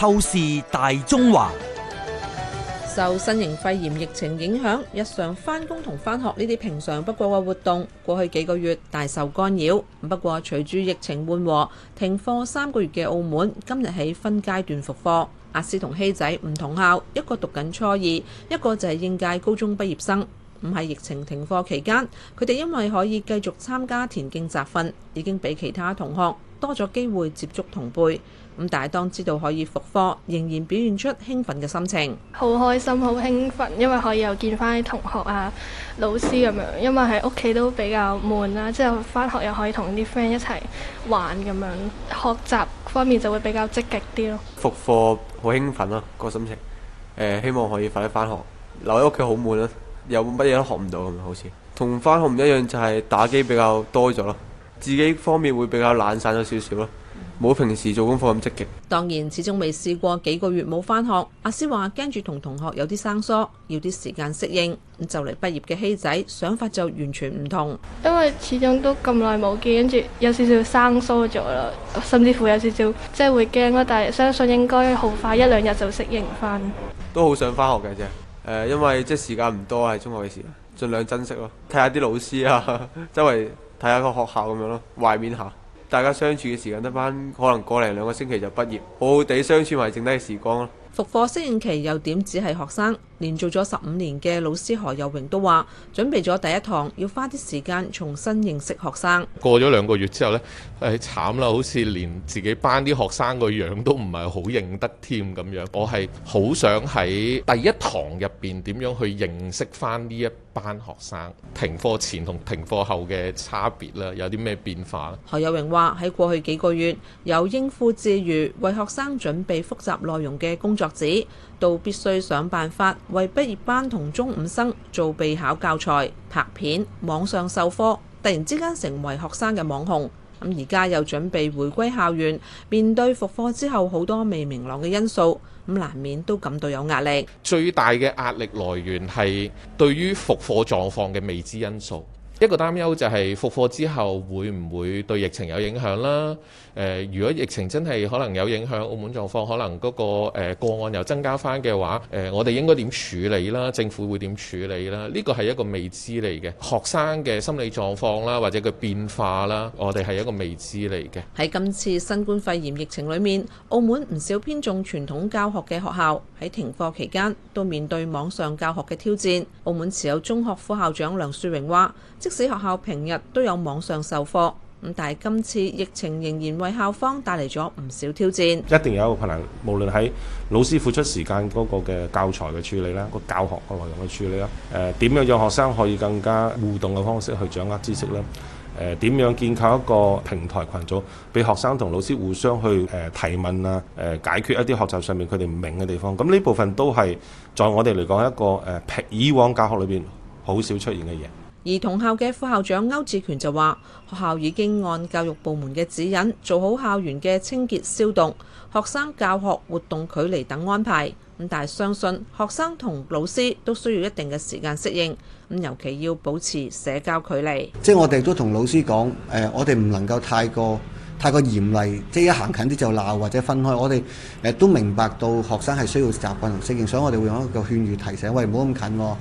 透視大中華，受新型肺炎疫情影響，日常返工同返學呢啲平常不過嘅活動，過去幾個月大受干擾。不過隨住疫情緩和，停課三個月嘅澳門今日起分階段復課。阿詩同希仔唔同校，一個讀緊初二，一個就係應屆高中畢業生。唔係疫情停課期間，佢哋因為可以繼續參加田徑集訓，已經比其他同學。多咗機會接觸同輩，咁但係當知道可以復課，仍然表現出興奮嘅心情。好開心，好興奮，因為可以又見翻啲同學啊、老師咁樣。因為喺屋企都比較悶啦，之後翻學又可以同啲 friend 一齊玩咁樣，學習方面就會比較積極啲咯。復課好興奮咯，個心情。誒、呃，希望可以快啲翻學。留喺屋企好悶啊，有乜嘢都學唔到咁啊，好似同翻學唔一樣，就係、是、打機比較多咗咯。自己方面會比較懶散咗少少咯，冇平時做功課咁積極。當然始終未試過幾個月冇返學，阿師話驚住同同學有啲生疏，要啲時間適應。咁就嚟畢業嘅希仔想法就完全唔同，因為始終都咁耐冇見，跟住有少少生疏咗啦，甚至乎有少少即係會驚啦。但係相信應該好快一兩日就適應返。都好想返學嘅啫，因為即係時間唔多喺中學嘅時，盡量珍惜咯，睇下啲老師啊，周圍。睇下個學校咁樣咯，懷緬下大家相處嘅時間，得翻可能個零兩個星期就畢業，好好地相處埋剩低嘅時光咯。復課適應期又點？只係學生。連做咗十五年嘅老師何有榮都話：準備咗第一堂要花啲時間重新認識學生。過咗兩個月之後咧，誒、哎、慘啦，好似連自己班啲學生個樣都唔係好認得添咁樣。我係好想喺第一堂入邊點樣去認識翻呢一班學生。停課前同停課後嘅差別啦，有啲咩變化？何有榮話：喺過去幾個月有應付自如為學生準備複雜內容嘅工作紙，都必須想辦法。為畢業班同中五生做備考教材、拍片、網上授課，突然之間成為學生嘅網紅。咁而家又準備回歸校園，面對復課之後好多未明朗嘅因素，咁難免都感到有壓力。最大嘅壓力來源係對於復課狀況嘅未知因素。一個擔憂就係復課之後會唔會對疫情有影響啦？呃、如果疫情真係可能有影響，澳門狀況可能嗰、嗰個、呃、個案又增加翻嘅話，誒、呃，我哋應該點處理啦？政府會點處理啦？呢個係一個未知嚟嘅。學生嘅心理狀況啦，或者佢變化啦，我哋係一個未知嚟嘅。喺今次新冠肺炎疫情裏面，澳門唔少偏重傳統教學嘅學校喺停課期間都面對網上教學嘅挑戰。澳門持有中學副校長梁樹榮話。私學校平日都有網上授課，咁但係今次疫情仍然為校方帶嚟咗唔少挑戰。一定有一個困難，無論喺老師付出時間嗰個嘅教材嘅處理啦，個教學嘅內容嘅處理啦，誒，點樣讓學生可以更加互動嘅方式去掌握知識咧？誒，點樣建構一個平台群組，俾學生同老師互相去誒提問啊，誒，解決一啲學習上面佢哋唔明嘅地方。咁呢部分都係在我哋嚟講一個誒，以往教學裏邊好少出現嘅嘢。而同校嘅副校長歐志權就話，學校已經按教育部門嘅指引做好校園嘅清潔、消毒、學生教學活動距離等安排。咁但係相信學生同老師都需要一定嘅時間適應。咁尤其要保持社交距離。即係我哋都同老師講，誒，我哋唔能夠太過太過嚴厲，即係一行近啲就鬧或者分開。我哋誒都明白到學生係需要習慣同適應，所以我哋會用一個勸喻提醒，喂，唔好咁近喎啊。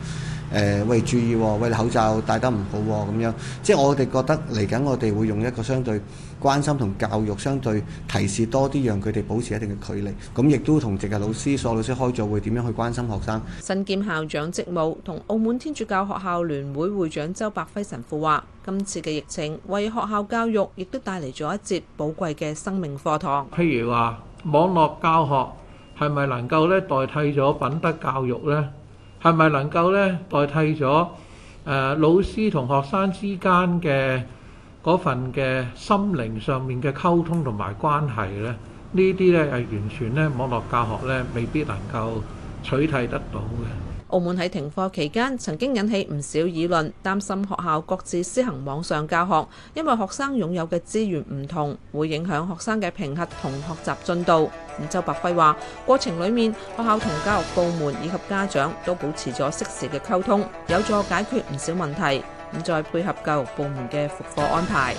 誒喂，注意喎、哦，喂，口罩戴得唔好喎、哦，咁樣，即係我哋覺得嚟緊我哋會用一個相對關心同教育、相對提示多啲，讓佢哋保持一定嘅距離，咁亦都同值日老師所有老師開咗會點樣去關心學生。身兼校長職務同澳門天主教學校聯會，會會長周伯輝神父話，今次嘅疫情為學校教育亦都帶嚟咗一節寶貴嘅生命課堂。譬如話，網絡教學，係咪能夠咧代替咗品德教育咧？係咪能夠咧代替咗誒老師同學生之間嘅嗰份嘅心靈上面嘅溝通同埋關係咧？呢啲咧係完全咧網絡教學咧未必能夠取替得到嘅。澳門喺停課期間，曾經引起唔少議論，擔心學校各自施行網上教學，因為學生擁有嘅資源唔同，會影響學生嘅評核同學習進度。周伯輝話，過程裏面，學校同教育部門以及家長都保持咗適時嘅溝通，有助解決唔少問題。再配合教育部門嘅復課安排。